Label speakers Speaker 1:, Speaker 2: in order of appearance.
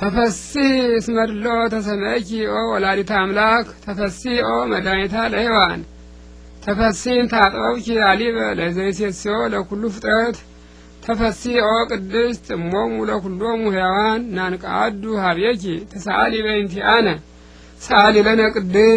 Speaker 1: ተፈስህ እስመድሎ ተሰነኪ ኦ ወላዲተ አምላክ ተፈሲ ኦ መድኃኒታ ለሔዋን ተፈሲን ታጠውኪ አሊበ ለዘይሴስዮ ለኩሉ ፍጥረት ተፈሲ ኦ ቅድስት እሞሙ ለኩሎሙ ሕያዋን ናንቃአዱ ሀቤኪ ተሳሊ አነ ሳሊ ለነ ቅድስት